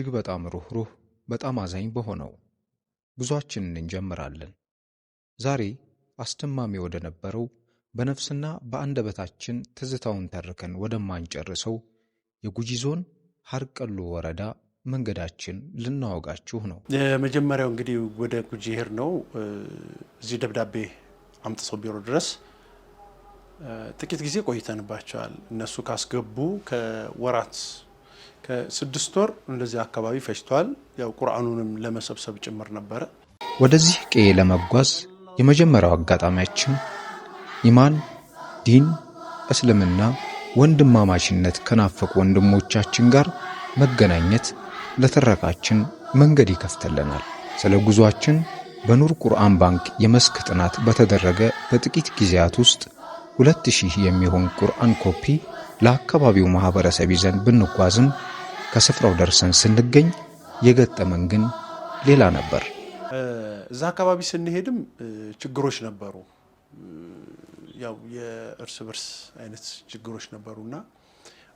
እጅግ በጣም ሩህሩህ፣ በጣም አዛኝ በሆነው ጉዟችንን እንጀምራለን። ዛሬ አስደማሚ ወደ ነበረው በነፍስና በአንደበታችን ትዝታውን ተርከን ወደማንጨርሰው የጉጂ ዞን ሀርቀሎ ወረዳ መንገዳችን ልናወጋችሁ ነው። የመጀመሪያው እንግዲህ ወደ ጉጂ ሄር ነው። እዚህ ደብዳቤ አምጥሰው ቢሮ ድረስ ጥቂት ጊዜ ቆይተንባቸዋል። እነሱ ካስገቡ ከወራት ከስድስት ወር እንደዚህ አካባቢ ፈጅቷል። ያው ቁርአኑንም ለመሰብሰብ ጭምር ነበረ። ወደዚህ ቀዬ ለመጓዝ የመጀመሪያው አጋጣሚያችን ኢማን፣ ዲን፣ እስልምና ወንድማማችነት ከናፈቁ ወንድሞቻችን ጋር መገናኘት ለትረካችን መንገድ ይከፍተልናል። ስለ ጉዟችን በኑር ቁርአን ባንክ የመስክ ጥናት በተደረገ በጥቂት ጊዜያት ውስጥ ሁለት ሺህ የሚሆን ቁርአን ኮፒ ለአካባቢው ማህበረሰብ ይዘን ብንጓዝም ከስፍራው ደርሰን ስንገኝ የገጠመን ግን ሌላ ነበር። እዛ አካባቢ ስንሄድም ችግሮች ነበሩ። ያው የእርስ በርስ አይነት ችግሮች እና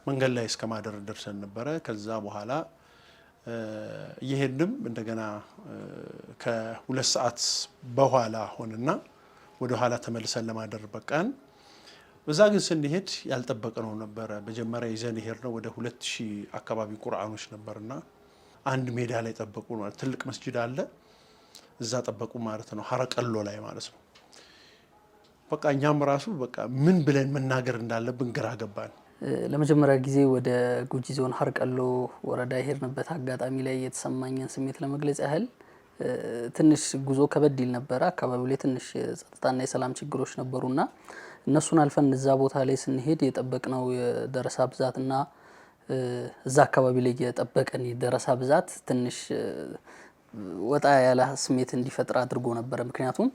መንገድ ላይ እስከ ማደር ደርሰን ነበረ። ከዛ በኋላ እየሄድንም እንደገና ከሁለት ሰዓት በኋላ ሆንና ወደ ኋላ ተመልሰን ለማደር በቃን። በዛ ግን ስንሄድ ያልጠበቅነው ነበረ። መጀመሪያ ይዘን ሄድ ነው ወደ ሁለት ሺህ አካባቢ ቁርአኖች ነበርና አንድ ሜዳ ላይ ጠበቁ ትልቅ መስጂድ አለ እዛ ጠበቁ ማለት ነው፣ ሀረቀሎ ላይ ማለት ነው። በቃ እኛም ራሱ በቃ ምን ብለን መናገር እንዳለብን ግራ ገባን። ለመጀመሪያ ጊዜ ወደ ጉጂ ዞን ሀርቀሎ ወረዳ የሄድንበት አጋጣሚ ላይ የተሰማኝን ስሜት ለመግለጽ ያህል ትንሽ ጉዞ ከበድ ይል ነበረ። አካባቢው ላይ ትንሽ ጸጥታና የሰላም ችግሮች ነበሩና እነሱን አልፈን እዛ ቦታ ላይ ስንሄድ የጠበቅነው የደረሳ ብዛትና እዛ አካባቢ ላይ የጠበቀን የደረሳ ብዛት ትንሽ ወጣ ያለ ስሜት እንዲፈጥር አድርጎ ነበረ። ምክንያቱም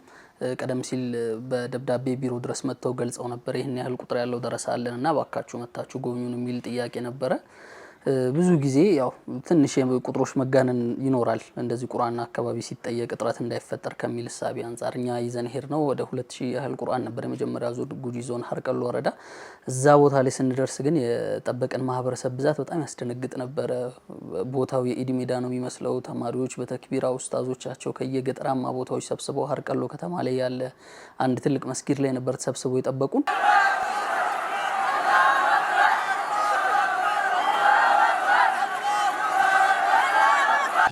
ቀደም ሲል በደብዳቤ ቢሮ ድረስ መጥተው ገልጸው ነበር፣ ይህን ያህል ቁጥር ያለው ደረሳ አለን እና ባካችሁ መታችሁ ጎብኙን የሚል ጥያቄ ነበረ። ብዙ ጊዜ ያው ትንሽ የቁጥሮች መጋነን ይኖራል። እንደዚህ ቁርአን አካባቢ ሲጠየቅ እጥረት እንዳይፈጠር ከሚል እሳቤ አንጻር እኛ ይዘን ሄድ ነው ወደ ሁለት ሺህ ያህል ቁርአን ነበር የመጀመሪያ ዙር ጉጂ ዞን ሀርቀሎ ወረዳ። እዛ ቦታ ላይ ስንደርስ ግን የጠበቀን ማህበረሰብ ብዛት በጣም ያስደነግጥ ነበረ። ቦታው የኢድ ሜዳ ነው የሚመስለው። ተማሪዎች በተክቢራ ውስታዞቻቸው ከየገጠራማ ቦታዎች ሰብስበው ሀርቀሎ ከተማ ላይ ያለ አንድ ትልቅ መስጊድ ላይ ነበር ተሰብስበው የጠበቁን።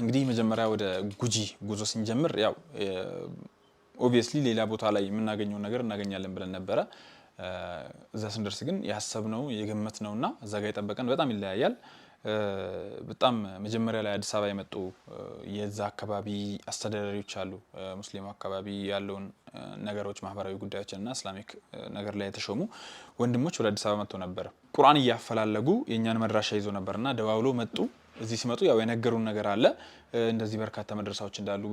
እንግዲህ መጀመሪያ ወደ ጉጂ ጉዞ ስንጀምር ያው ኦብቪየስሊ ሌላ ቦታ ላይ የምናገኘውን ነገር እናገኛለን ብለን ነበረ። እዛ ስንደርስ ግን የሀሰብ ነው የገመት ነው እና እዛ ጋ የጠበቀን በጣም ይለያያል። በጣም መጀመሪያ ላይ አዲስ አበባ የመጡ የዛ አካባቢ አስተዳዳሪዎች አሉ። ሙስሊሙ አካባቢ ያለውን ነገሮች ማህበራዊ እና እስላሚክ ነገር ላይ የተሾሙ ወንድሞች ወደ አዲስ አበባ መጥቶ ነበር። ቁርአን እያፈላለጉ የእኛን መድራሻ ይዞ ነበርና ደዋውሎ መጡ። እዚህ ሲመጡ ያው የነገሩን ነገር አለ። እንደዚህ በርካታ መድረሳዎች እንዳሉ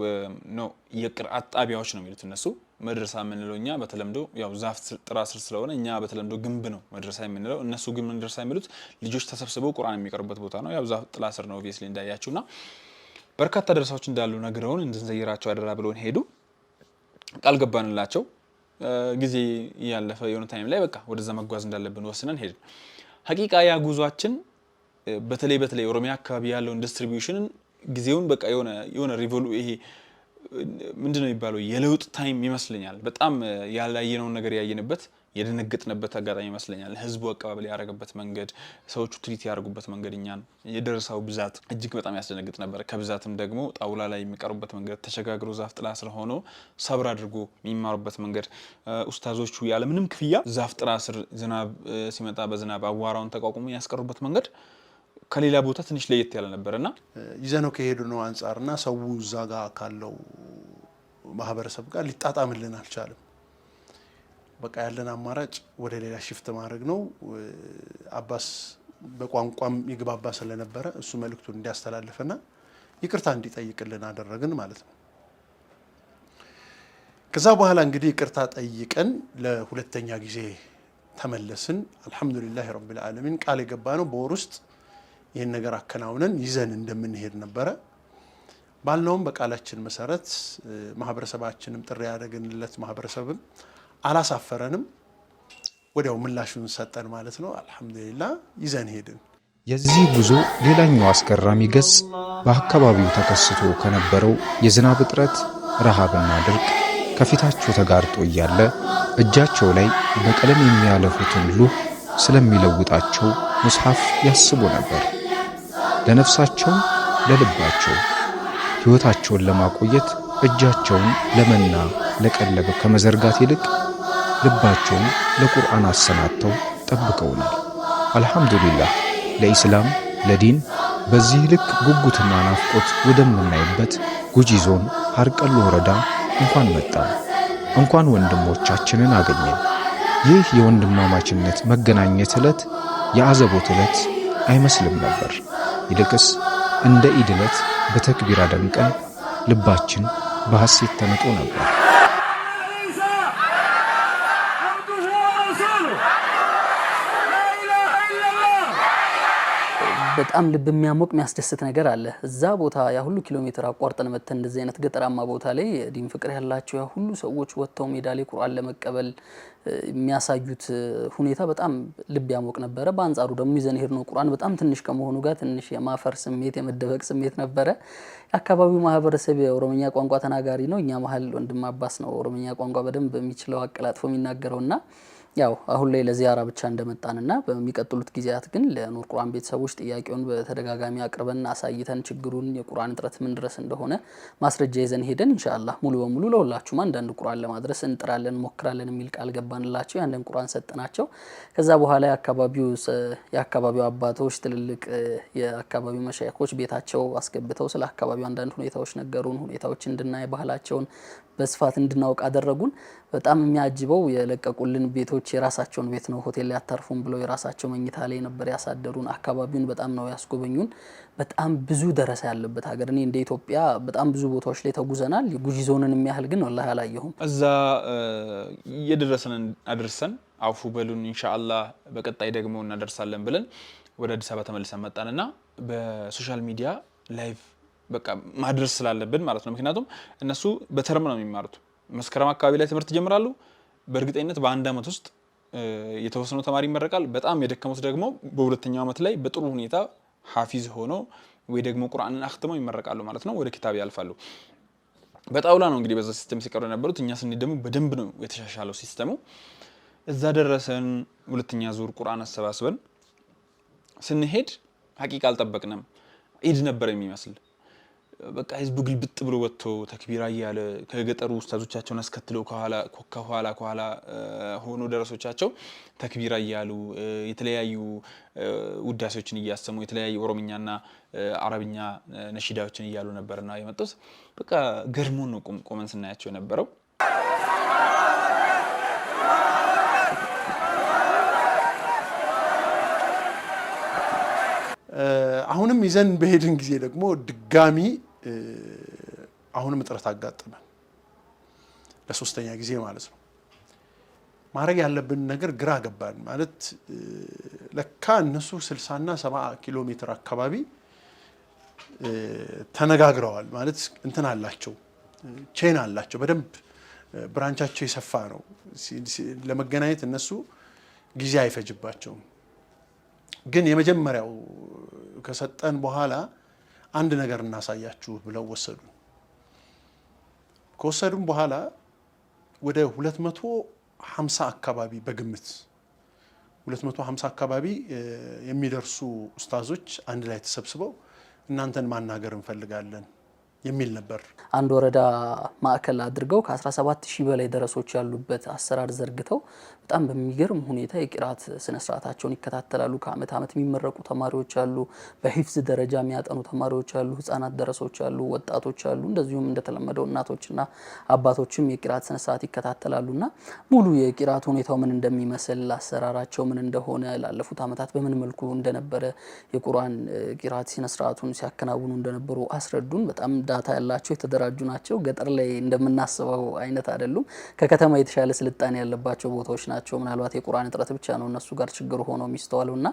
ነው የቅርአት ጣቢያዎች ነው የሚሉት እነሱ። መድረሳ የምንለው እኛ በተለምዶ ያው ዛፍ ጥራ ስር ስለሆነ እኛ በተለምዶ ግንብ ነው መድረሳ የምንለው፣ እነሱ ግን መድረሳ የሚሉት ልጆች ተሰብስበው ቁርአን የሚቀርቡበት ቦታ ነው። ያው ዛፍ ጥላ ስር ነው ኦብቪየስሊ ና በርካታ ደረሳዎች እንዳሉ ነግረውን እንድንዘይራቸው አደራ ብለውን ሄዱ። ቃል ገባንላቸው። ጊዜ ያለፈ የሆነ ታይም ላይ በቃ ወደዛ መጓዝ እንዳለብን ወስነን ሄድን። ሀቂቃ ያ ጉዟችን በተለይ በተለይ ኦሮሚያ አካባቢ ያለውን ዲስትሪቢሽን ጊዜውን በቃ የሆነ የሆነ ሪቮሉ ይሄ ምንድነው የሚባለው የለውጥ ታይም ይመስለኛል። በጣም ያላየነውን ነገር ያየንበት የደነገጥንበት አጋጣሚ ይመስለኛል። ህዝቡ አቀባበል ያደረገበት መንገድ፣ ሰዎቹ ትሪት ያደርጉበት መንገድ፣ እኛን የደረሰው ብዛት እጅግ በጣም ያስደነግጥ ነበር። ከብዛትም ደግሞ ጣውላ ላይ የሚቀርቡበት መንገድ ተሸጋግሮ ዛፍ ጥላ ስር ሆኖ ሰብር አድርጎ የሚማሩበት መንገድ፣ ኡስታዞቹ ያለምንም ክፍያ ዛፍ ጥላ ስር ዝናብ ሲመጣ በዝናብ አዋራውን ተቋቁሞ ያስቀሩበት መንገድ ከሌላ ቦታ ትንሽ ለየት ያለ ነበር እና ይዘነው ከሄዱ ነው እና ሰው እዛ ጋ ካለው ማህበረሰብ ጋር ሊጣጣምልን አልቻለም። በቃ ያለን አማራጭ ወደ ሌላ ሽፍት ማድረግ ነው። አባስ በቋንቋም ይግባባ ስለነበረ እሱ መልእክቱን እንዲያስተላልፍና ይቅርታ እንዲጠይቅልን አደረግን ማለት ነው። ከዛ በኋላ እንግዲህ ይቅርታ ጠይቀን ለሁለተኛ ጊዜ ተመለስን። አልሐምዱሊላህ ረቢል ዓለሚን ቃል የገባ ነው በወር ውስጥ ይህን ነገር አከናውነን ይዘን እንደምንሄድ ነበረ። ባልነውም በቃላችን መሰረት ማህበረሰባችንም ጥሪ ያደረግንለት ማህበረሰብም አላሳፈረንም። ወዲያው ምላሹን ሰጠን ማለት ነው። አልሐምዱሊላ ይዘን ሄድን። የዚህ ጉዞ ሌላኛው አስገራሚ ገጽ በአካባቢው ተከስቶ ከነበረው የዝናብ እጥረት፣ ረሃብና ድርቅ ከፊታቸው ተጋርጦ እያለ እጃቸው ላይ በቀለም የሚያለፉትን ሉህ ስለሚለውጣቸው ሙስሐፍ ያስቡ ነበር። ለነፍሳቸው፣ ለልባቸው ሕይወታቸውን ለማቆየት እጃቸውን ለመና ለቀለብ ከመዘርጋት ይልቅ ልባቸውን ለቁርአን አሰናድተው ጠብቀውናል። አልሐምዱሊላህ ለኢስላም ለዲን በዚህ ልክ ጉጉትና ናፍቆት ወደምናይበት ጉጂ ዞን ሀርቀሎ ወረዳ እንኳን መጣ፣ እንኳን ወንድሞቻችንን አገኘን። ይህ የወንድማማችነት መገናኘት ዕለት የአዘቦት ዕለት አይመስልም ነበር። ይልቅስ እንደ ኢድ ዕለት በተክቢራ ደምቀን ልባችን በሐሴት ተመጦ ነበር። በጣም ልብ የሚያሞቅ የሚያስደስት ነገር አለ። እዛ ቦታ ያ ሁሉ ኪሎ ሜትር አቋርጠን መተን እንደዚህ አይነት ገጠራማ ቦታ ላይ ዲን ፍቅር ያላቸው ያ ሁሉ ሰዎች ወጥተው ሜዳ ላይ ቁርአን ለመቀበል የሚያሳዩት ሁኔታ በጣም ልብ ያሞቅ ነበረ። በአንጻሩ ደግሞ ይዘን ሄድ ነው ቁርአን በጣም ትንሽ ከመሆኑ ጋር ትንሽ የማፈር ስሜት የመደበቅ ስሜት ነበረ። የአካባቢው ማህበረሰብ የኦሮምኛ ቋንቋ ተናጋሪ ነው። እኛ መሀል ወንድም አባስ ነው ኦሮምኛ ቋንቋ በደንብ የሚችለው አቀላጥፎ የሚናገረውና ያው አሁን ላይ ለዚያራ ብቻ እንደመጣንና በሚቀጥሉት ጊዜያት ግን ለኑር ቁርአን ቤተሰቦች ጥያቄውን በተደጋጋሚ አቅርበን አሳይተን ችግሩን የቁርአን እጥረት ምን ድረስ እንደሆነ ማስረጃ ይዘን ሄደን እንሻላ ሙሉ በሙሉ ለሁላችሁም አንዳንድ ቁርአን ለማድረስ እንጥራለን እንሞክራለን የሚል ቃል ገባንላቸው። ያንን ቁርአን ሰጠናቸው። ከዛ በኋላ የአካባቢው የአካባቢው አባቶች ትልልቅ የአካባቢው መሻይኮች ቤታቸው አስገብተው ስለ አካባቢው አንዳንድ ሁኔታዎች ነገሩን፣ ሁኔታዎች እንድናይ ባህላቸውን በስፋት እንድናውቅ አደረጉን። በጣም የሚያጅበው የለቀቁልን ቤቶች የራሳቸውን ቤት ነው፣ ሆቴል ላይ ብለው የራሳቸው መኝታ ላይ ነበር ያሳደሩን። አካባቢውን በጣም ነው ያስጎበኙን። በጣም ብዙ ደረሳ ያለበት ሀገር እኔ እንደ ኢትዮጵያ በጣም ብዙ ቦታዎች ላይ ተጉዘናል። የጉጂ ዞንን የሚያህል ግን ወላሂ አላየሁም። እዛ የደረሰንን አድርሰን አፉ በሉን ኢንሻአላህ በቀጣይ ደግሞ እናደርሳለን ብለን ወደ አዲስ አበባ ተመልሰን መጣንና በሶሻል ሚዲያ ላይቭ በቃ ማድረስ ስላለብን ማለት ነው። ምክንያቱም እነሱ በተርም ነው የሚማሩት። መስከረም አካባቢ ላይ ትምህርት ይጀምራሉ። በእርግጠኝነት በአንድ ዓመት ውስጥ የተወሰኑ ተማሪ ይመረቃል። በጣም የደከሙት ደግሞ በሁለተኛው ዓመት ላይ በጥሩ ሁኔታ ሀፊዝ ሆኖ ወይ ደግሞ ቁርአንን አክትመው ይመረቃሉ ማለት ነው። ወደ ኪታብ ያልፋሉ። በጣውላ ነው እንግዲህ በዛ ሲስተም ሲቀሩ የነበሩት። እኛ ስንሄድ ደግሞ በደንብ ነው የተሻሻለው ሲስተሙ። እዛ ደረሰን። ሁለተኛ ዙር ቁርአን አሰባስበን ስንሄድ ሀቂቃ አልጠበቅንም። ኢድ ነበር የሚመስል በቃ ህዝቡ ግልብጥ ብሎ ወጥቶ ተክቢራ እያለ ከገጠሩ ውስታዞቻቸውን አስከትለው ከኋላ ከኋላ ሆኖ ደረሶቻቸው ተክቢራ እያሉ የተለያዩ ውዳሴዎችን እያሰሙ የተለያዩ ኦሮምኛና አረብኛ ነሺዳዎችን እያሉ ነበርና የመጡት። በቃ ገርሞን ነው ቆመን ስናያቸው የነበረው። አሁንም ይዘን በሄድን ጊዜ ደግሞ ድጋሚ አሁንም እጥረት አጋጠመን። ለሶስተኛ ጊዜ ማለት ነው። ማድረግ ያለብን ነገር ግራ ገባን። ማለት ለካ እነሱ ስልሳና ሰባ ኪሎ ሜትር አካባቢ ተነጋግረዋል። ማለት እንትን አላቸው፣ ቼን አላቸው። በደንብ ብራንቻቸው የሰፋ ነው። ለመገናኘት እነሱ ጊዜ አይፈጅባቸውም። ግን የመጀመሪያው ከሰጠን በኋላ አንድ ነገር እናሳያችሁ ብለው ወሰዱ ከወሰዱን በኋላ ወደ 250 አካባቢ በግምት 250 አካባቢ የሚደርሱ ኡስታዞች አንድ ላይ ተሰብስበው እናንተን ማናገር እንፈልጋለን የሚል ነበር። አንድ ወረዳ ማዕከል አድርገው ከ17 ሺህ በላይ ደረሶች ያሉበት አሰራር ዘርግተው በጣም በሚገርም ሁኔታ የቂራት ስነስርዓታቸውን ይከታተላሉ። ከአመት ዓመት የሚመረቁ ተማሪዎች አሉ። በሂፍዝ ደረጃ የሚያጠኑ ተማሪዎች አሉ። ህጻናት ደረሶች አሉ፣ ወጣቶች አሉ። እንደዚሁም እንደተለመደው እናቶችና አባቶችም የቂራት ስነስርዓት ይከታተላሉና ሙሉ የቂራት ሁኔታው ምን እንደሚመስል አሰራራቸው ምን እንደሆነ ላለፉት አመታት በምን መልኩ እንደነበረ የቁርአን ቂራት ስነስርዓቱን ሲያከናውኑ እንደነበሩ አስረዱን በጣም እርዳታ ያላቸው የተደራጁ ናቸው። ገጠር ላይ እንደምናስበው አይነት አይደሉም። ከከተማ የተሻለ ስልጣኔ ያለባቸው ቦታዎች ናቸው። ምናልባት የቁርአን እጥረት ብቻ ነው እነሱ ጋር ችግር ሆኖ የሚስተዋለው እና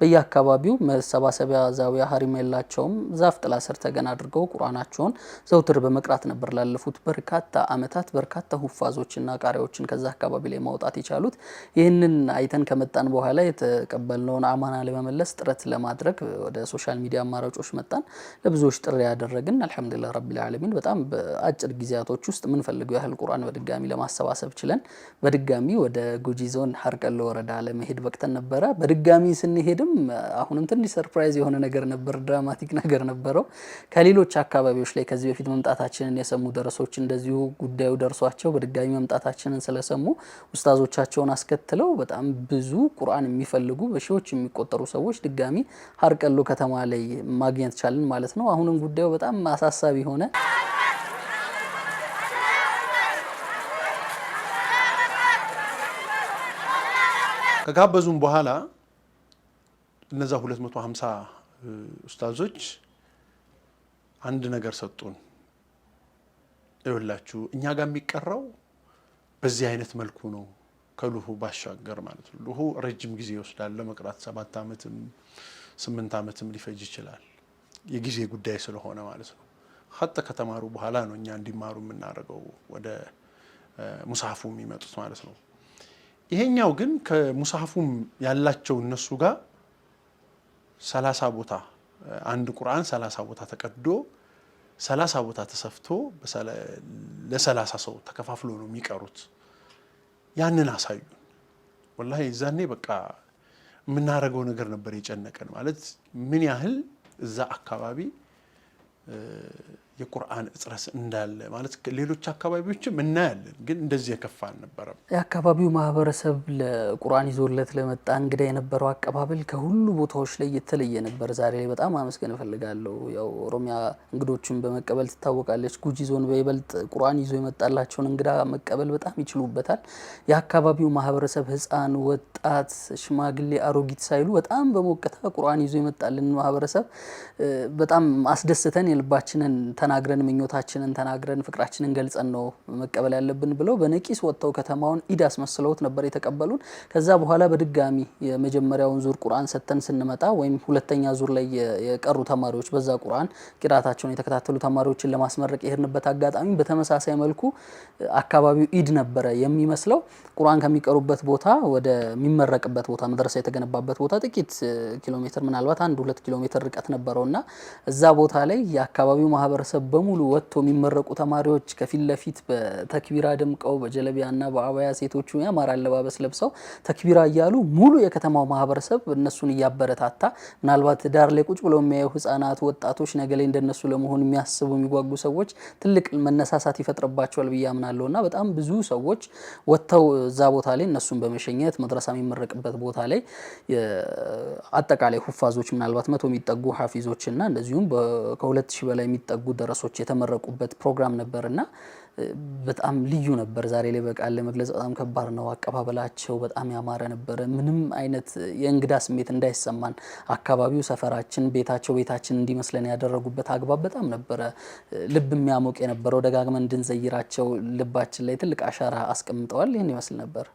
በየአካባቢው መሰባሰቢያ ዛዊያ ሀሪም የላቸውም። ዛፍ ጥላ ስር ተገን አድርገው ቁርአናቸውን ዘውትር በመቅራት ነበር ላለፉት በርካታ አመታት በርካታ ሁፋዞችና ቃሪያዎችን ከዛ አካባቢ ላይ ማውጣት የቻሉት። ይህንን አይተን ከመጣን በኋላ የተቀበልነውን አማና ለመመለስ ጥረት ለማድረግ ወደ ሶሻል ሚዲያ አማራጮች መጣን። ለብዙዎች ጥሪ ያደረግን አልሐምዱሊላህ አልሐምዱሊላህ ረቢል ዓለሚን በጣም በአጭር ጊዜያቶች ውስጥ የምንፈልገው ያህል ቁርአን በድጋሚ ለማሰባሰብ ችለን በድጋሚ ወደ ጉጂ ዞን ሀርቀሎ ወረዳ ለመሄድ በቅተን ነበረ። በድጋሚ ስንሄድም አሁንም ትንሽ ሰርፕራይዝ የሆነ ነገር ነበር፣ ድራማቲክ ነገር ነበረው። ከሌሎች አካባቢዎች ላይ ከዚህ በፊት መምጣታችንን የሰሙ ደረሶች እንደዚሁ ጉዳዩ ደርሷቸው በድጋሚ መምጣታችንን ስለሰሙ ኡስታዞቻቸውን አስከትለው በጣም ብዙ ቁርአን የሚፈልጉ በሺዎች የሚቆጠሩ ሰዎች ድጋሚ ሀርቀሎ ከተማ ላይ ማግኘት ቻልን ማለት ነው። አሁንም ጉዳዩ በጣም አሳሳቢ ታሳቢ ሆነ። ከጋበዙም በኋላ እነዛ 250 ኡስታዞች አንድ ነገር ሰጡን። ይኸውላችሁ እኛ ጋር የሚቀራው በዚህ አይነት መልኩ ነው። ከሉሁ ባሻገር ማለት ነው። ሉሁ ረጅም ጊዜ ይወስዳል ለመቅራት ሰባት ዓመትም ስምንት ዓመትም ሊፈጅ ይችላል። የጊዜ ጉዳይ ስለሆነ ማለት ነው። ሀጠ ከተማሩ በኋላ ነው እኛ እንዲማሩ የምናደርገው ወደ ሙሳሐፉ የሚመጡት ማለት ነው። ይሄኛው ግን ከሙሳሐፉም ያላቸው እነሱ ጋር ሰላሳ ቦታ አንድ ቁርአን ሰላሳ ቦታ ተቀዶ ሰላሳ ቦታ ተሰፍቶ ለሰላሳ ሰው ተከፋፍሎ ነው የሚቀሩት። ያንን አሳዩን። ወላሂ እዛኔ በቃ የምናደርገው ነገር ነበር የጨነቀን ማለት ምን ያህል እዛ አካባቢ የቁርአን እጥረት እንዳለ ማለት ሌሎች አካባቢዎችም እናያለን፣ ግን እንደዚህ የከፋ አልነበረም። የአካባቢው ማህበረሰብ ለቁርአን ይዞለት ለመጣ እንግዳ የነበረው አቀባበል ከሁሉ ቦታዎች ላይ የተለየ ነበር። ዛሬ ላይ በጣም አመስገን እፈልጋለሁ። ያው ኦሮሚያ እንግዶችን በመቀበል ትታወቃለች። ጉጂ ዞን በይበልጥ ቁርአን ይዞ የመጣላቸውን እንግዳ መቀበል በጣም ይችሉበታል። የአካባቢው ማህበረሰብ ህፃን ወጣት፣ ሽማግሌ፣ አሮጊት ሳይሉ በጣም በሞቀታ ቁርአን ይዞ የመጣልን ማህበረሰብ በጣም አስደስተን የልባችንን ተናግረን ምኞታችንን ተናግረን ፍቅራችንን ገልጸን ነው መቀበል ያለብን ብለው በነቂስ ወጥተው ከተማውን ኢድ አስመስለውት ነበር የተቀበሉን። ከዛ በኋላ በድጋሚ የመጀመሪያውን ዙር ቁርአን ሰጥተን ስንመጣ ወይም ሁለተኛ ዙር ላይ የቀሩ ተማሪዎች በዛ ቁርአን ቂራአታቸውን የተከታተሉ ተማሪዎችን ለማስመረቅ የሄድንበት አጋጣሚ በተመሳሳይ መልኩ አካባቢው ኢድ ነበረ የሚመስለው። ቁርአን ከሚቀሩበት ቦታ ወደሚመረቅበት ቦታ መድረሳ የተገነባበት ቦታ ጥቂት ኪሎ ሜትር ምናልባት አንድ ሁለት ኪሎ ሜትር ርቀት እና እዛ ቦታ ላይ የአካባቢው ማህበረሰብ ቤተሰብ በሙሉ ወጥቶ የሚመረቁ ተማሪዎች ከፊት ለፊት በተክቢራ ደምቀው በጀለቢያና በአባያ ሴቶቹ ያማረ አለባበስ ለብሰው ተክቢራ እያሉ ሙሉ የከተማው ማህበረሰብ እነሱን እያበረታታ ምናልባት ዳር ላይ ቁጭ ብለው የሚያዩ ህጻናት፣ ወጣቶች ነገ ላይ እንደነሱ ለመሆን የሚያስቡ የሚጓጉ ሰዎች ትልቅ መነሳሳት ይፈጥርባቸዋል ብዬ አምናለሁ እና በጣም ብዙ ሰዎች ወጥተው እዛ ቦታ ላይ እነሱን በመሸኘት መድረሳ የሚመረቅበት ቦታ ላይ አጠቃላይ ሁፋዞች ምናልባት መቶ የሚጠጉ እና እንደዚሁም ከሁለት ሺህ በላይ የሚጠጉ ደረሶች የተመረቁበት ፕሮግራም ነበር እና በጣም ልዩ ነበር። ዛሬ ላይ በቃል ለመግለጽ በጣም ከባድ ነው። አቀባበላቸው በጣም ያማረ ነበረ። ምንም አይነት የእንግዳ ስሜት እንዳይሰማን አካባቢው፣ ሰፈራችን፣ ቤታቸው ቤታችን እንዲመስለን ያደረጉበት አግባብ በጣም ነበረ ልብ የሚያሞቅ የነበረው። ደጋግመን እንድንዘይራቸው ልባችን ላይ ትልቅ አሻራ አስቀምጠዋል። ይህን ይመስል ነበር።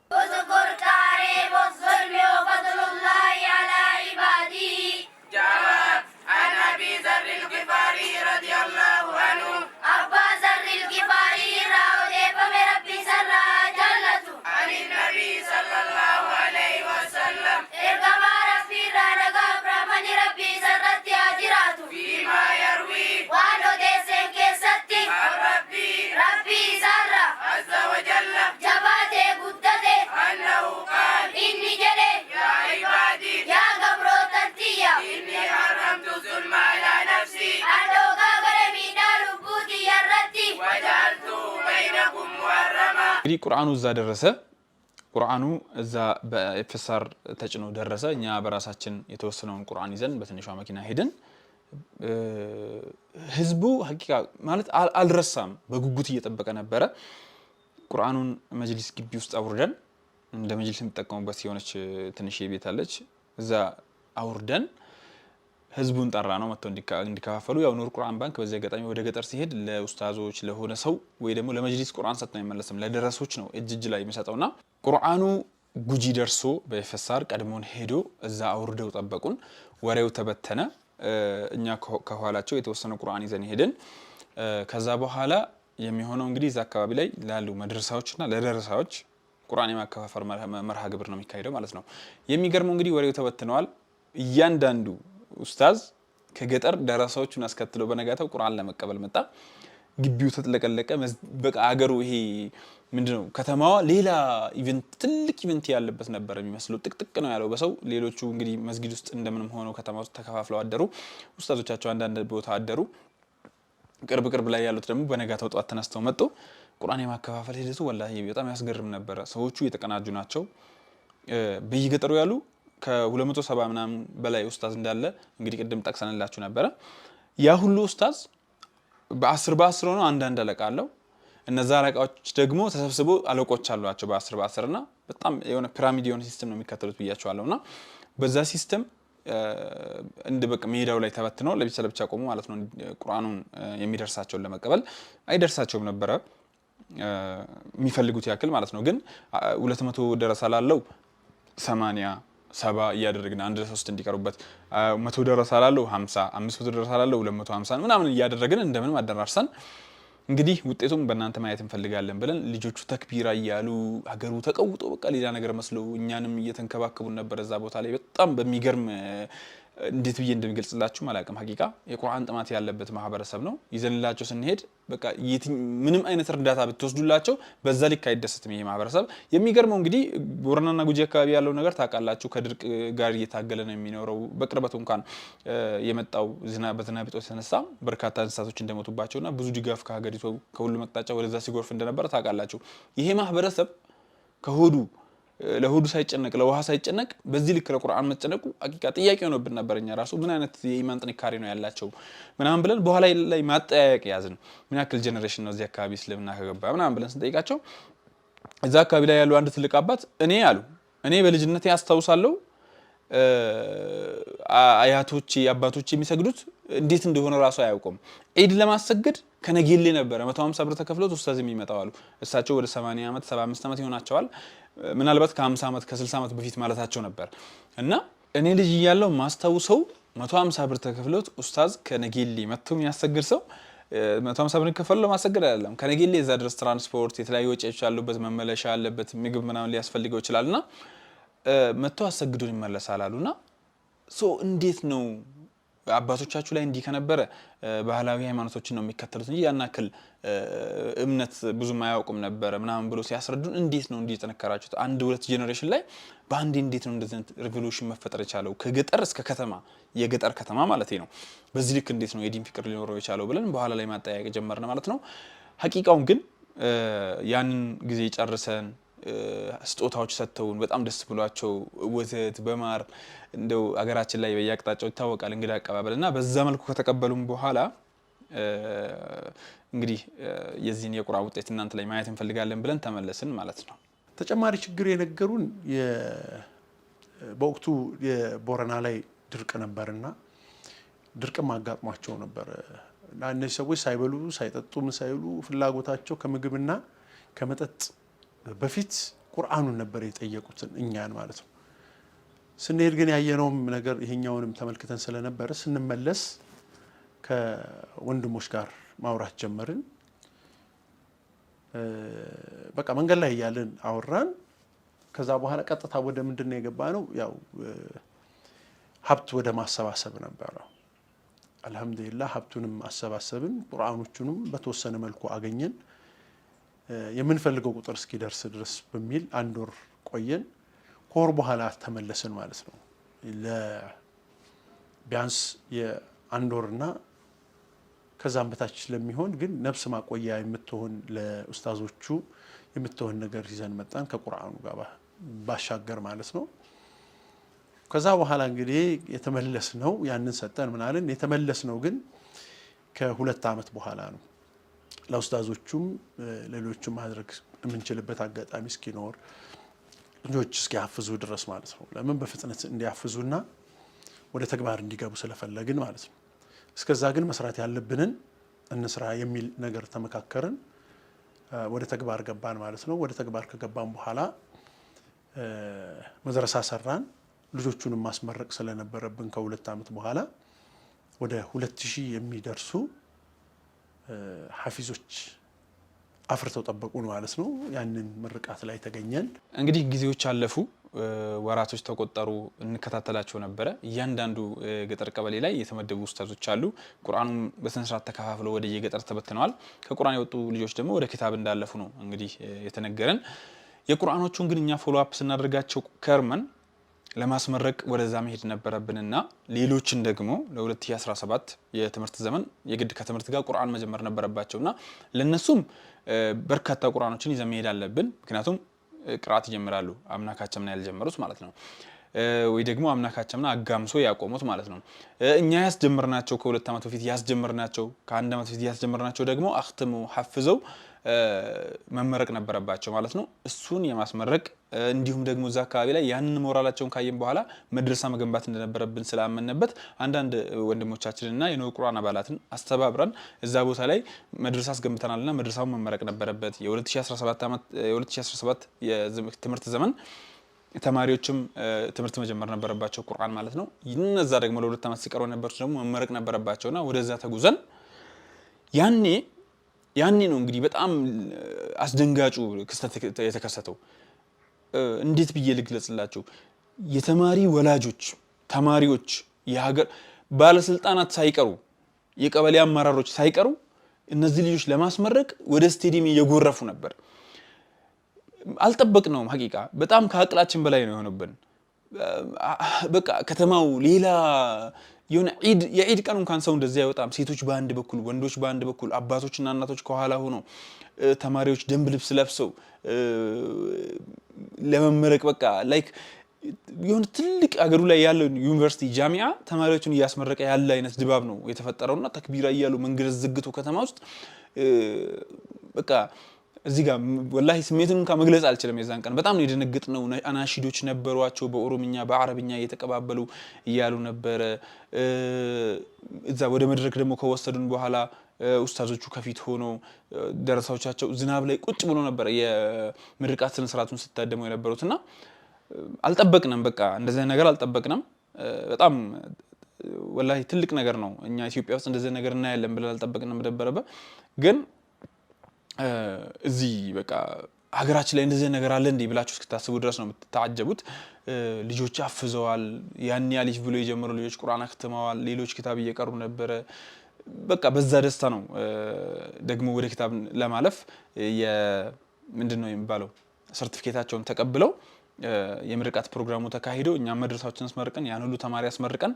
እንግዲህ ቁርአኑ እዛ ደረሰ። ቁርአኑ እዛ በፍሳር ተጭኖ ደረሰ። እኛ በራሳችን የተወሰነውን ቁርአን ይዘን በትንሿ መኪና ሄደን ህዝቡ ሀቂቃ ማለት አልረሳም፣ በጉጉት እየጠበቀ ነበረ። ቁርአኑን መጅሊስ ግቢ ውስጥ አውርደን እንደ መጅሊስ የሚጠቀሙበት የሆነች ትንሽ ቤት አለች። እዛ አውርደን ህዝቡን ጠራ ነው መጥተው እንዲከፋፈሉ። ያው ኑር ቁርአን ባንክ በዚህ አጋጣሚ ወደ ገጠር ሲሄድ ለኡስታዞች ለሆነ ሰው ወይ ደግሞ ለመጅሊስ ቁርአን ሰጥቶ አይመለስም፣ ለደረሶች ነው እጅ እጅ ላይ የሚሰጠውና ቁርአኑ ጉጂ ደርሶ በፈሳር ቀድሞን ሄዶ እዛ አውርደው ጠበቁን። ወሬው ተበተነ። እኛ ከኋላቸው የተወሰነ ቁርአን ይዘን ሄድን። ከዛ በኋላ የሚሆነው እንግዲህ እዛ አካባቢ ላይ ላሉ መድረሳዎችና ለደረሳዎች ቁርአን የማከፋፈር መርሃ ግብር ነው የሚካሄደው ማለት ነው። የሚገርመው እንግዲህ ወሬው ተበትነዋል። እያንዳንዱ ኡስታዝ ከገጠር ደረሳዎቹን አስከትለው በነጋታው ቁርአን ለመቀበል መጣ። ግቢው ተጥለቀለቀ። በቃ አገሩ ይሄ ምንድነው ከተማዋ ሌላ ኢቨንት ትልቅ ኢቨንት ያለበት ነበር የሚመስለው። ጥቅጥቅ ነው ያለው በሰው። ሌሎቹ እንግዲህ መስጊድ ውስጥ እንደምንም ሆነው ከተማ ውስጥ ተከፋፍለው አደሩ። ኡስታዞቻቸው አንዳንድ ቦታ አደሩ። ቅርብ ቅርብ ላይ ያሉት ደግሞ በነጋታው ጠዋት ተነስተው መጡ። ቁርአን የማከፋፈል ሂደቱ ወላሂ በጣም ያስገርም ነበረ። ሰዎቹ የተቀናጁ ናቸው። በየገጠሩ ያሉ ከ270 ምናምን በላይ ኡስታዝ እንዳለ እንግዲህ ቅድም ጠቅሰንላችሁ ነበረ። ያ ሁሉ ኡስታዝ በአስር በአስር ሆነው አንዳንድ አለቃ አለው። እነዛ አለቃዎች ደግሞ ተሰብስቦ አለቆች አሏቸው በአስር በአስር እና በጣም የሆነ ፒራሚድ የሆነ ሲስተም ነው የሚከተሉት ብያቸዋለሁ። እና በዛ ሲስተም እንድ በቃ ሜዳው ላይ ተበትነው ለብቻ ለብቻ ቆሙ ማለት ነው። ቁርአኑን የሚደርሳቸውን ለመቀበል አይደርሳቸውም ነበረ የሚፈልጉት ያክል ማለት ነው። ግን ሁለት መቶ ደረሳ ላለው ሰማንያ ሰባ እያደረግን አንድ ለሶስት እንዲቀሩበት መቶ ደረሳ ላለው ሀምሳ አምስት መቶ ደረሳ ላለው ሁለት መቶ ሀምሳ ምናምን እያደረግን እንደምንም አደራርሰን እንግዲህ ውጤቱም በእናንተ ማየት እንፈልጋለን ብለን ልጆቹ ተክቢራ እያሉ ሀገሩ ተቀውጦ በቃ ሌላ ነገር መስለው እኛንም እየተንከባከቡን ነበር እዛ ቦታ ላይ በጣም በሚገርም እንዴት ብዬ እንደሚገልጽላችሁ አላቅም። ሀቂቃ የቁርአን ጥማት ያለበት ማህበረሰብ ነው። ይዘንላቸው ስንሄድ በቃ ምንም አይነት እርዳታ ብትወስዱላቸው በዛ ልክ አይደስትም ይሄ ማህበረሰብ። የሚገርመው እንግዲህ ቦረናና ጉጂ አካባቢ ያለው ነገር ታውቃላችሁ፣ ከድርቅ ጋር እየታገለ ነው የሚኖረው። በቅርበቱ እንኳን የመጣው ዝናብ በዝናብ እጦት የተነሳ በርካታ እንስሳቶች እንደሞቱባቸውና ብዙ ድጋፍ ከሀገሪቱ ከሁሉ መቅጣጫ ወደዛ ሲጎርፍ እንደነበረ ታውቃላችሁ። ይሄ ማህበረሰብ ከሆዱ ለሆዱ ሳይጨነቅ ለውሃ ሳይጨነቅ በዚህ ልክ ለቁርአን መጨነቁ አቂቃ ጥያቄ ሆኖብን ነበር። እኛ ራሱ ምን አይነት የኢማን ጥንካሬ ነው ያላቸው ምናምን ብለን በኋላ ላይ ማጠያየቅ ያዝን። ምን ያክል ጀኔሬሽን ነው እዚህ አካባቢ እስልምና ከገባ ምናምን ብለን ስንጠይቃቸው እዛ አካባቢ ላይ ያሉ አንድ ትልቅ አባት እኔ አሉ እኔ በልጅነት አስታውሳለሁ አያቶቼ አባቶቼ የሚሰግዱት እንዴት እንደሆነ ራሱ አያውቁም። ኢድ ለማሰገድ ከነጌሌ ነበረ 150 ብር ተከፍሎት ኡስታዝ የሚመጣው አሉ። እሳቸው ወደ 80 ዓመት 75 ዓመት ይሆናቸዋል። ምናልባት ከ50 ዓመት ከ60 ዓመት በፊት ማለታቸው ነበር እና እኔ ልጅ እያለው ማስታውሰው 150 ብር ተከፍሎት ኡስታዝ ከነጌሌ መጥቶ የሚያሰግድ ሰው 150 ብር ከፈለ ማሰገድ አይደለም። ከነጌሌ እዛ ድረስ ትራንስፖርት፣ የተለያዩ ወጪዎች ያሉበት፣ መመለሻ ያለበት፣ ምግብ ምናምን ሊያስፈልገው ይችላል እና መጥቶ አሰግዱን ይመለሳል አሉና እንዴት ነው አባቶቻችሁ ላይ እንዲህ ከነበረ ባህላዊ ሃይማኖቶችን ነው የሚከተሉት እንጂ ያን ያክል እምነት ብዙም አያውቁም ነበረ ምናምን ብሎ ሲያስረዱን እንዴት ነው እንዲህ የጠነከራችሁት? አንድ ሁለት ጄኔሬሽን ላይ በአንድ እንዴት ነው እንደዚህ ሪቮሉሽን መፈጠር የቻለው? ከገጠር እስከ ከተማ የገጠር ከተማ ማለት ነው። በዚህ ልክ እንዴት ነው የዲን ፍቅር ሊኖረው የቻለው ብለን በኋላ ላይ ማጠያየቅ ጀመርን ማለት ነው። ሀቂቃውን ግን ያንን ጊዜ ጨርሰን ስጦታዎች ሰጥተውን በጣም ደስ ብሏቸው ወተት በማር እንደው አገራችን ላይ በየአቅጣጫው ይታወቃል እንግዲህ አቀባበል እና በዛ መልኩ ከተቀበሉም በኋላ እንግዲህ የዚህን የቁራ ውጤት እናንተ ላይ ማየት እንፈልጋለን ብለን ተመለስን ማለት ነው። ተጨማሪ ችግር የነገሩን በወቅቱ የቦረና ላይ ድርቅ ነበርና ድርቅም አጋጥሟቸው ነበር እና እነዚህ ሰዎች ሳይበሉ ሳይጠጡም ሳይሉ ፍላጎታቸው ከምግብና ከመጠጥ በፊት ቁርአኑን ነበር የጠየቁትን እኛን ማለት ነው። ስንሄድ ግን ያየነውም ነገር ይሄኛውንም ተመልክተን ስለነበረ ስንመለስ ከወንድሞች ጋር ማውራት ጀመርን። በቃ መንገድ ላይ እያለን አወራን። ከዛ በኋላ ቀጥታ ወደ ምንድን ነው የገባ ነው ያው ሀብት ወደ ማሰባሰብ ነበረ። አልሐምዱሊላህ ሀብቱንም አሰባሰብን፣ ቁርአኖቹንም በተወሰነ መልኩ አገኘን። የምንፈልገው ቁጥር እስኪደርስ ድረስ በሚል አንድ ወር ቆየን። ከወር በኋላ ተመለስን ማለት ነው። ቢያንስ የአንድ ወርና ከዛም በታች ስለሚሆን ግን ነፍስ ማቆያ የምትሆን ለኡስታዞቹ የምትሆን ነገር ይዘን መጣን፣ ከቁርአኑ ጋር ባሻገር ማለት ነው። ከዛ በኋላ እንግዲህ የተመለስ ነው ያንን ሰጠን ምናልን። የተመለስ ነው ግን ከሁለት ዓመት በኋላ ነው ለውስታዞቹም ሌሎቹም ማድረግ የምንችልበት አጋጣሚ እስኪኖር ልጆች እስኪያፍዙ ድረስ ማለት ነው። ለምን በፍጥነት እንዲያፍዙና ወደ ተግባር እንዲገቡ ስለፈለግን ማለት ነው። እስከዛ ግን መስራት ያለብንን እንስራ የሚል ነገር ተመካከርን፣ ወደ ተግባር ገባን ማለት ነው። ወደ ተግባር ከገባን በኋላ መድረሳ ሰራን። ልጆቹንም ማስመረቅ ስለነበረብን ከሁለት ዓመት በኋላ ወደ ሁለት ሺህ የሚደርሱ ሀፊዞች አፍርተው ጠበቁ ማለት ነው። ያንን ምርቃት ላይ ተገኘን። እንግዲህ ጊዜዎች አለፉ፣ ወራቶች ተቆጠሩ። እንከታተላቸው ነበረ። እያንዳንዱ ገጠር ቀበሌ ላይ የተመደቡ ኡስታዞች አሉ። ቁርአኑም በስነስርዓት ተከፋፍለው ወደ የገጠር ተበትነዋል። ከቁርአን የወጡ ልጆች ደግሞ ወደ ኪታብ እንዳለፉ ነው እንግዲህ የተነገረን። የቁርአኖቹን ግን እኛ ፎሎ አፕ ስናደርጋቸው ከርመን ለማስመረቅ ወደዛ መሄድ ነበረብንና ሌሎችን ደግሞ ለ2017 የትምህርት ዘመን የግድ ከትምህርት ጋር ቁርአን መጀመር ነበረባቸውና ለነሱም በርካታ ቁርአኖችን ይዘ መሄድ አለብን። ምክንያቱም ቅርአት ይጀምራሉ አምና ካቸምና ያልጀመሩት ማለት ነው ወይ ደግሞ አምና ካቸምና አጋምሶ ያቆሙት ማለት ነው። እኛ ያስጀምርናቸው ከሁለት ዓመት በፊት ያስጀምርናቸው ከአንድ ዓመት በፊት ያስጀምርናቸው ደግሞ አክትሙ ሐፍዘው መመረቅ ነበረባቸው ማለት ነው። እሱን የማስመረቅ እንዲሁም ደግሞ እዛ አካባቢ ላይ ያንን ሞራላቸውን ካየን በኋላ መድረሳ መገንባት እንደነበረብን ስላመንበት አንዳንድ ወንድሞቻችንና የኖር ቁርአን አባላትን አስተባብረን እዛ ቦታ ላይ መድረሳ አስገንብተናልና መድረሳውን መመረቅ ነበረበት። የ2017 ትምህርት ዘመን ተማሪዎችም ትምህርት መጀመር ነበረባቸው ቁርአን ማለት ነው። እነዛ ደግሞ ለሁለት ዓመት ሲቀረው የነበሩት ደግሞ መመረቅ ነበረባቸውና ወደዛ ተጉዘን ያኔ ያኔ ነው እንግዲህ በጣም አስደንጋጩ ክስተት የተከሰተው። እንዴት ብዬ ልግለጽላቸው? የተማሪ ወላጆች፣ ተማሪዎች፣ የሀገር ባለስልጣናት ሳይቀሩ የቀበሌ አመራሮች ሳይቀሩ እነዚህ ልጆች ለማስመረቅ ወደ ስቴዲየም እየጎረፉ ነበር። አልጠበቅነውም። ሀቂቃ በጣም ከአቅላችን በላይ ነው የሆነብን። በቃ ከተማው ሌላ የሆነ ዒድ የዒድ ቀን እንኳን ሰው እንደዚህ አይወጣም። ሴቶች በአንድ በኩል፣ ወንዶች በአንድ በኩል፣ አባቶችና እናቶች ከኋላ ሆነው ተማሪዎች ደንብ ልብስ ለብሰው ለመመረቅ በቃ ላይክ የሆነ ትልቅ አገሩ ላይ ያለው ዩኒቨርሲቲ ጃሚያ ተማሪዎችን እያስመረቀ ያለ አይነት ድባብ ነው የተፈጠረውና ተክቢራ እያሉ መንገድ ዝግቶ ከተማ ውስጥ በቃ እዚህ ጋር ወላሂ ስሜትን እንኳ መግለጽ አልችልም። የዛን ቀን በጣም ነው የደነግጥ ነው። አናሺዶች ነበሯቸው በኦሮምኛ በአረብኛ እየተቀባበሉ እያሉ ነበረ። እዛ ወደ መድረክ ደግሞ ከወሰዱን በኋላ ኡስታዞቹ ከፊት ሆነው ደረሳዎቻቸው ዝናብ ላይ ቁጭ ብሎ ነበረ የምርቃት ስነስርዓቱን ስታደመው የነበሩት እና አልጠበቅንም። በቃ እንደዚህ ነገር አልጠበቅንም። በጣም ወላሂ ትልቅ ነገር ነው። እኛ ኢትዮጵያ ውስጥ እንደዚህ ነገር እናያለን ብለን አልጠበቅንም። ደበረበ ግን እዚህ በቃ ሀገራችን ላይ እንደዚህ ነገር አለ እንዴ ብላችሁ እስክታስቡ ድረስ ነው የምትታጀቡት። ልጆች አፍዘዋል። ያን ያ ልጅ ብሎ የጀመሩ ልጆች ቁርአን አክትመዋል። ሌሎች ኪታብ እየቀሩ ነበረ። በቃ በዛ ደስታ ነው ደግሞ ወደ ኪታብ ለማለፍ ምንድን ነው የሚባለው ሰርቲፊኬታቸውን ተቀብለው የምርቃት ፕሮግራሙ ተካሂዶ እኛ መድረሳችን አስመርቀን ያን ሁሉ ተማሪ አስመርቀን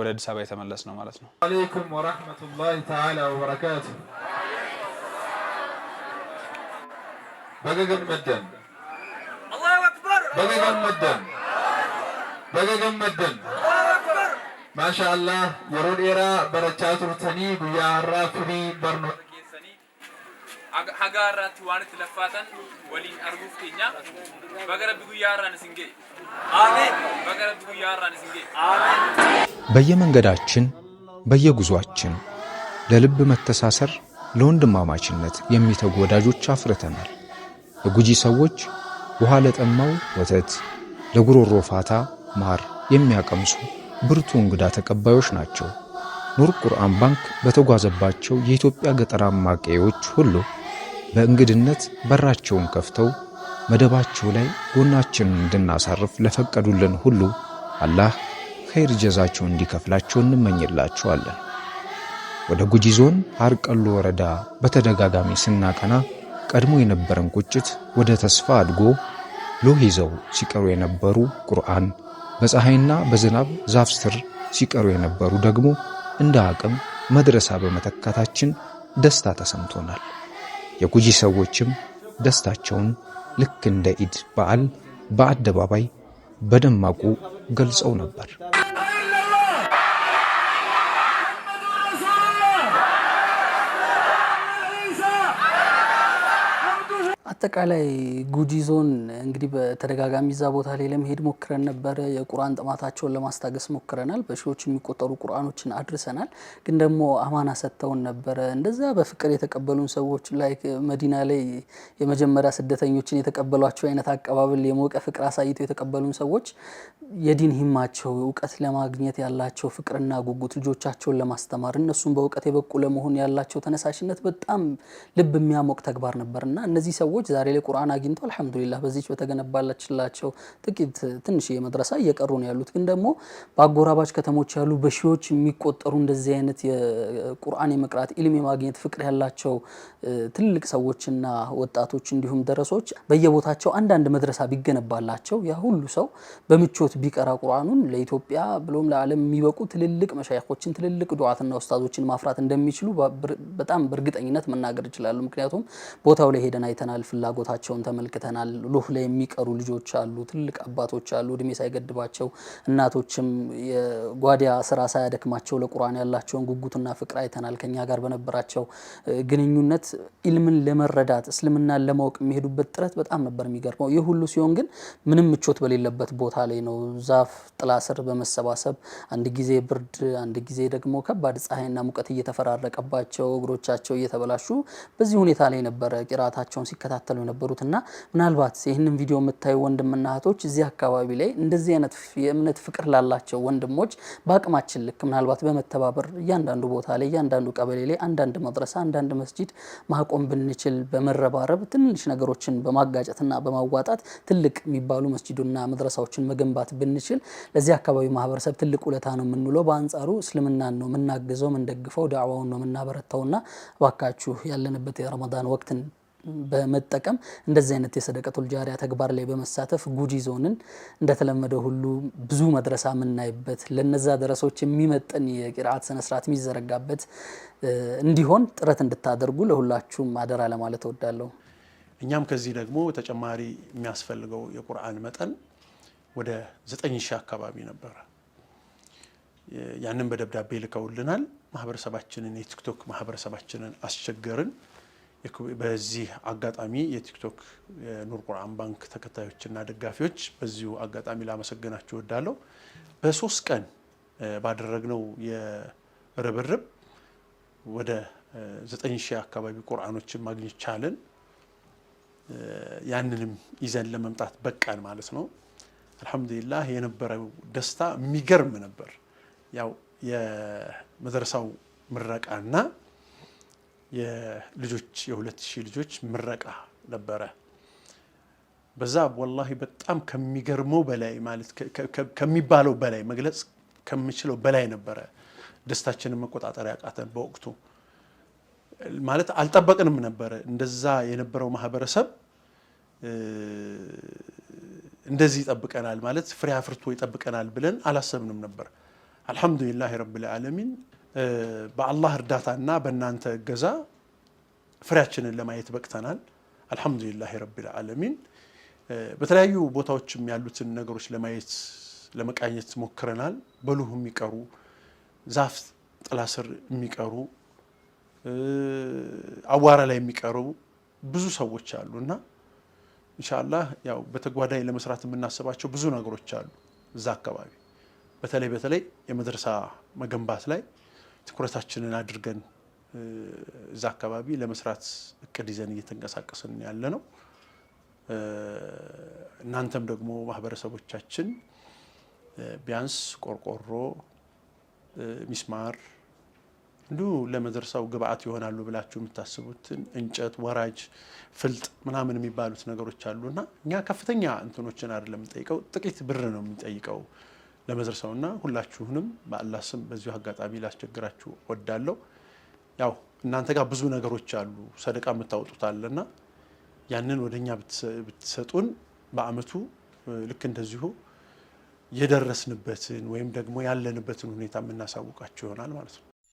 ወደ አዲስ አበባ የተመለስ ነው ማለት ነው። አለይኩም ወራህመቱላሂ ተዓላ ወበረካቱ በገገመደን በገገመደን በገገመደን ማሻአላህ yeroo dheeraa barachaa turtanii guyyaa har'aa firii barnoo hagaa irratti waan itti laffaatan waliin arguuf keenya bagarabbi guyyaa har'aan isin ga'e አሜን bagarabbi guyyaa har'aan isin አሜን በየመንገዳችን በየጉዟችን ለልብ መተሳሰር ለወንድማማችነት የሚተጉ ወዳጆች አፍርተናል። የጉጂ ሰዎች ውሃ ለጠማው ወተት፣ ለጉሮሮ ፋታ ማር የሚያቀምሱ ብርቱ እንግዳ ተቀባዮች ናቸው። ኑር ቁርአን ባንክ በተጓዘባቸው የኢትዮጵያ ገጠራማ ቀዬዎች ሁሉ በእንግድነት በራቸውን ከፍተው መደባቸው ላይ ጎናችንን እንድናሳርፍ ለፈቀዱልን ሁሉ አላህ ኸይር ጀዛቸው እንዲከፍላቸው እንመኝላቸዋለን። ወደ ጉጂ ዞን አርቀሎ ወረዳ በተደጋጋሚ ስናቀና ቀድሞ የነበረን ቁጭት ወደ ተስፋ አድጎ ሎህ ይዘው ሲቀሩ የነበሩ ቁርአን፣ በፀሐይና በዝናብ ዛፍ ስር ሲቀሩ የነበሩ ደግሞ እንደ አቅም መድረሳ በመተካታችን ደስታ ተሰምቶናል። የጉጂ ሰዎችም ደስታቸውን ልክ እንደ ኢድ በዓል በአደባባይ በደማቁ ገልጸው ነበር። አጠቃላይ ጉጂ ዞን እንግዲህ በተደጋጋሚ እዛ ቦታ ላይ ለመሄድ ሞክረን ነበረ። የቁርአን ጥማታቸውን ለማስታገስ ሞክረናል። በሺዎች የሚቆጠሩ ቁርአኖችን አድርሰናል። ግን ደግሞ አማና ሰጥተውን ነበረ። እንደዛ በፍቅር የተቀበሉን ሰዎች ላይ መዲና ላይ የመጀመሪያ ስደተኞችን የተቀበሏቸው አይነት አቀባበል፣ የሞቀ ፍቅር አሳይተው የተቀበሉን ሰዎች የዲን ሂማቸው እውቀት ለማግኘት ያላቸው ፍቅርና ጉጉት፣ ልጆቻቸውን ለማስተማር እነሱም በእውቀት የበቁ ለመሆን ያላቸው ተነሳሽነት በጣም ልብ የሚያሞቅ ተግባር ነበርና እነዚህ ሰዎች ሰዎች ዛሬ ላይ ቁርአን አግኝተው አልሐምዱሊላህ በዚች በተገነባላችላቸው ጥቂት ትንሽ መድረሳ እየቀሩ ነው ያሉት። ግን ደግሞ በአጎራባች ከተሞች ያሉ በሺዎች የሚቆጠሩ እንደዚህ አይነት የቁርአን የመቅራት ኢልም የማግኘት ፍቅር ያላቸው ትልልቅ ሰዎችና ወጣቶች እንዲሁም ደረሶች በየቦታቸው አንዳንድ መድረሳ ቢገነባላቸው ያ ሁሉ ሰው በምቾት ቢቀራ ቁርአኑን ለኢትዮጵያ ብሎም ለዓለም የሚበቁ ትልልቅ መሻይኮችን ትልልቅ ዱዓትና ኡስታዞችን ማፍራት እንደሚችሉ በጣም በእርግጠኝነት መናገር ይችላሉ። ምክንያቱም ቦታው ላይ ሄደን አይተናል። ፍላጎታቸውን ተመልክተናል። ሉህ ላይ የሚቀሩ ልጆች አሉ፣ ትልቅ አባቶች አሉ፣ እድሜ ሳይገድባቸው እናቶችም የጓዳ ስራ ሳያደክማቸው ለቁርአን ያላቸውን ጉጉትና ፍቅር አይተናል። ከኛ ጋር በነበራቸው ግንኙነት ኢልምን ለመረዳት እስልምናን ለማወቅ የሚሄዱበት ጥረት በጣም ነበር የሚገርመው። ይህ ሁሉ ሲሆን ግን ምንም ምቾት በሌለበት ቦታ ላይ ነው ዛፍ ጥላ ስር በመሰባሰብ አንድ ጊዜ ብርድ፣ አንድ ጊዜ ደግሞ ከባድ ፀሐይና ሙቀት እየተፈራረቀባቸው እግሮቻቸው እየተበላሹ በዚህ ሁኔታ ላይ ነበረ ቂራታቸውን ሲከታ ሲከታተሉ የነበሩት እና ምናልባት ይህንን ቪዲዮ የምታዩ ወንድምና እህቶች እዚህ አካባቢ ላይ እንደዚህ አይነት የእምነት ፍቅር ላላቸው ወንድሞች በአቅማችን ልክ ምናልባት በመተባበር እያንዳንዱ ቦታ ላይ እያንዳንዱ ቀበሌ ላይ አንዳንድ መድረሳ አንዳንድ መስጂድ ማቆም ብንችል በመረባረብ ትንሽ ነገሮችን በማጋጨትና በማዋጣት ትልቅ የሚባሉ መስጂዱና መድረሳዎችን መገንባት ብንችል ለዚህ አካባቢ ማህበረሰብ ትልቅ ውለታ ነው የምንውለው። በአንጻሩ እስልምናን ነው የምናግዘው፣ የምንደግፈው፣ ዳዕዋውን ነው የምናበረታውና እባካችሁ ያለንበት የረመዳን ወቅትን በመጠቀም እንደዚህ አይነት የሰደቀቱል ጃሪያ ተግባር ላይ በመሳተፍ ጉጂ ዞንን እንደተለመደ ሁሉ ብዙ መድረሳ የምናይበት ለነዛ ደረሶች የሚመጥን የቂርአት ስነስርዓት የሚዘረጋበት እንዲሆን ጥረት እንድታደርጉ ለሁላችሁም አደራ ለማለት እወዳለሁ። እኛም ከዚህ ደግሞ ተጨማሪ የሚያስፈልገው የቁርአን መጠን ወደ ዘጠኝ ሺህ አካባቢ ነበረ። ያንን በደብዳቤ ልከውልናል። ማህበረሰባችንን የቲክቶክ ማህበረሰባችንን አስቸገርን። በዚህ አጋጣሚ የቲክቶክ የኑር ቁርአን ባንክ ተከታዮችና ደጋፊዎች በዚሁ አጋጣሚ ላመሰግናችሁ እወዳለሁ። በሶስት ቀን ባደረግነው የርብርብ ወደ ዘጠኝ ሺህ አካባቢ ቁርአኖችን ማግኘት ቻለን። ያንንም ይዘን ለመምጣት በቃን ማለት ነው። አልሐምዱሊላህ የነበረው ደስታ የሚገርም ነበር። ያው የመድረሳው ምረቃና የልጆች የሁለት ሺህ ልጆች ምረቃ ነበረ። በዛ ወላሂ በጣም ከሚገርመው በላይ ማለት ከሚባለው በላይ መግለጽ ከምችለው በላይ ነበረ። ደስታችንን መቆጣጠር ያቃተን በወቅቱ ማለት አልጠበቅንም ነበረ። እንደዛ የነበረው ማህበረሰብ እንደዚህ ይጠብቀናል ማለት ፍሬ አፍርቶ ይጠብቀናል ብለን አላሰብንም ነበር። አልሐምዱሊላህ ረብል ዓለሚን በአላህ እርዳታና በእናንተ እገዛ ፍሬያችንን ለማየት በቅተናል። አልሐምዱሊላህ ረቢል ዓለሚን። በተለያዩ ቦታዎችም ያሉትን ነገሮች ለማየት ለመቃኘት ሞክረናል። በሉህ የሚቀሩ ዛፍ ጥላ ስር የሚቀሩ አዋራ ላይ የሚቀሩ ብዙ ሰዎች አሉ እና ኢንሻአላህ ያው በተጓዳኝ ለመስራት የምናስባቸው ብዙ ነገሮች አሉ እዛ አካባቢ በተለይ በተለይ የመድረሳ መገንባት ላይ ትኩረታችንን አድርገን እዛ አካባቢ ለመስራት እቅድ ይዘን እየተንቀሳቀስን ያለ ነው። እናንተም ደግሞ ማህበረሰቦቻችን ቢያንስ ቆርቆሮ፣ ሚስማር እንዲሁ ለመድረሳው ግብአት ይሆናሉ ብላችሁ የምታስቡትን እንጨት፣ ወራጅ፣ ፍልጥ ምናምን የሚባሉት ነገሮች እና እኛ ከፍተኛ እንትኖችን አይደለም የምንጠይቀው፣ ጥቂት ብር ነው የሚጠይቀው። ለመዝርሰውና ሁላችሁንም በአላህ ስም በዚሁ አጋጣሚ ላስቸግራችሁ ወዳለሁ። ያው እናንተ ጋር ብዙ ነገሮች አሉ፣ ሰደቃ የምታወጡታለና ያንን ወደ እኛ ብትሰጡን በአመቱ ልክ እንደዚሁ የደረስንበትን ወይም ደግሞ ያለንበትን ሁኔታ የምናሳውቃችሁ ይሆናል ማለት ነው።